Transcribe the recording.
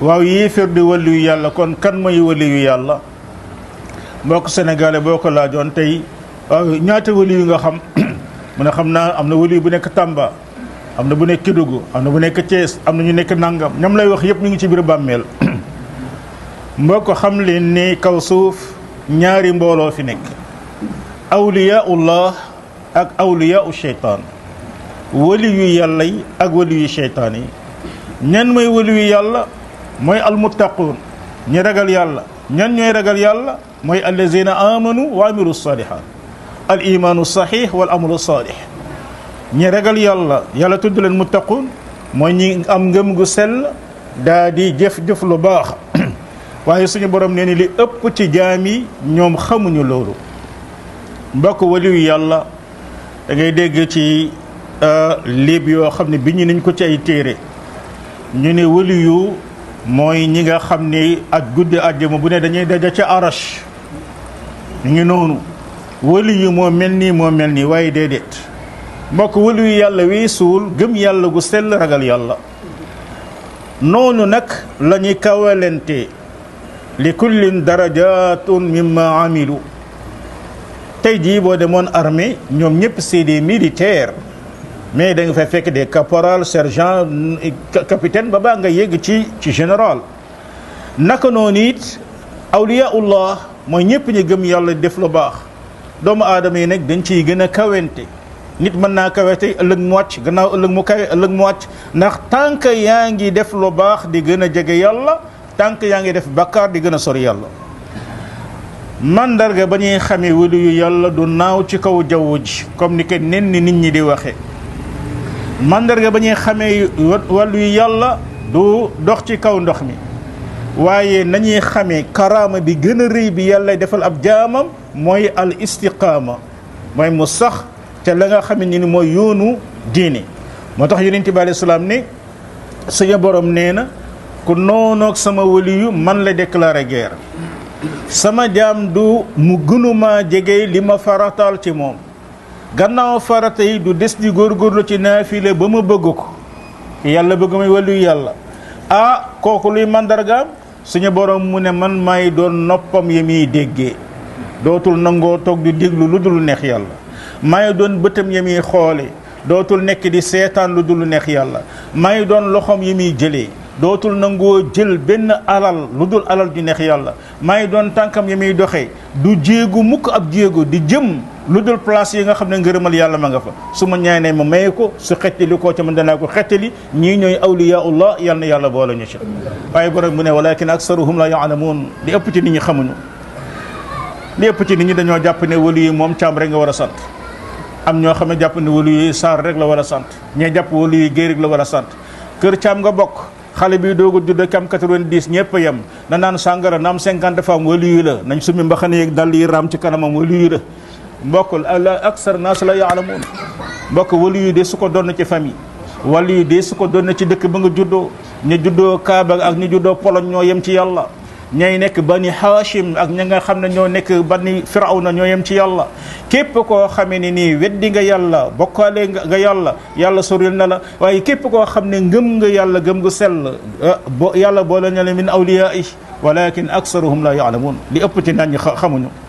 waaw yéeféer di wàllu yàlla kon kan mooy wàllu yàlla mbokk sénégalais boo ko laajoon tey ñaata wàllu yu nga xam mu ne xam naa am na wàllu bu nekk Tamba am na bu nekk Kédougou am na bu nekk Thiès am na ñu nekk nàngam ñoom lay wax yëpp ñu ngi ci biir bàmmeel mbokk xam leen ni kaw suuf ñaari mbooloo fi nekk awliyaullah ak awliyaau cheytaan wali yu yàlla yi ak wali yu cheytaan yi ñan mooy wali yàlla mooy almuttaquun ñi ragal yàlla ñan ñooy ragal yàlla mooy allazina amanu wa amilu salihat al imaanu saxiix wal amalu saalix ñi ragal yàlla yàlla tudd leen muttaquun mooy ñi am ngëm gu sell daa di jëf-jëf lu baax waaye suñu borom nee ni li ëpp ci jaam yi ñoom xamuñu loolu mbokk waliyu yàlla dangay dégg ci euh, liib yoo xam ne bi ñu nañ ko ci ay téere ñu ne waliyu mooy ñi nga xam ni ak guddi àjjuma bu ne dañuy daje ca arash ñu ngi noonu wëli yu moo mel nii moo mel nii waaye déedéet mbokk wëli yu yàlla wi suul gëm yàlla gu sell ragal yàlla noonu nag la ñuy kawalente li kullin darajatun mimma amilu tey jii boo demoon armée ñoom ñëpp c'est des mais da fa fekk de caporal sergent capitaine ba baa nga yëgg ci ci général naka noonu it awliyaullah mooy ñëpp ñu gëm yàlla def lu baax doomu aadama yi nag dañ ciy gën a kawente nit mën naa kawete ëllëg mu wàcc gannaaw ëllëg mu kawe ëllëg mu wàcc ndax tànk yaa ngi def lu baax di gën a jege yàlla tànk yaa ngi def bakkaar di gën a sori yàlla mandarga ba ñuy xamee wali yu yàlla du naaw ci kaw jaww ji comme ni ko nen nit ñi di waxee mandarga ba ñuy xamee wàllu yu yàlla du dox ci kaw ndox mi waaye nañuy xamee karaama bi gën a rëy bi yàlla defal ab jaamam mooy al istiqaama mooy mu sax te la nga xam ne ni mooy yoonu diine moo tax yonent bi alayhi salaam ne suñu borom nee na ku noonoog sama waliyu man la déclaré guerre sama jaam du mu gënumaa jege li ma farataal ci moom gannaaw farata yi du des di góor góorgóorlu ci naafile ba ma bëgg ko yàlla bëgg may wàllu yàlla ah kooku luy màndargaam suñu borom mu ne man may doon noppam yi muy déggee dootul nangoo toog di déglu lu dul neex yàlla may doon bëtam yi muy xoole dootul nekk di seetaan lu dul neex yàlla may doon loxoom yi muy jëlee dootul nangoo jël benn alal lu dul alal ju neex yàlla may doon tànkam yi muy doxee du jéegu mukk ab jéego di jëm lu dul place yi nga xam ne ngërëmal yàlla ma nga fa su ma ñaanee ma maye ko su xettali koo ca man danaa ko xettali ñii ñooy awliyaullah yal na yàlla boole ñu ci waaye borom mu ne walakin aksaruhum la yaalamuun li ëpp ci nit ñi xamuñu li ëpp ci nit ñi dañoo jàpp ne walu yi moom caam rek nga war a sant am ñoo xam ne jàpp ne walu yi saar rek la war a sant ñee jàpp walu yi géy la war a sant kër caam nga bokk xale bi doogu judd ak am 90 ñëpp a yem na naan sàngara na am 50 femmes walu yi la nañ su mbaxane yeeg dàll yi raam ci kanamam walu yi mbokk la aksar naas la yaalamuun mbokk wali yu dee su ko doon ci famille wali yu dee su ko doon ci dëkk ba nga juddoo ñu juddoo kaaba ak ñu juddoo pologne ñoo yem ci yàlla ñay nekk bani hashim ak ña nga xam ne ñoo nekk bani firawna ñoo yem ci yàlla képp koo xamee ne nii weddi nga yàlla bokkaale nga yàlla yàlla soril na la waaye képp koo xam ne ngëm nga yàlla gëm gu sell bo yàlla boole na la min awliyaa walakin aksaruhum la yaalamuun li ëpp ci naan xamuñu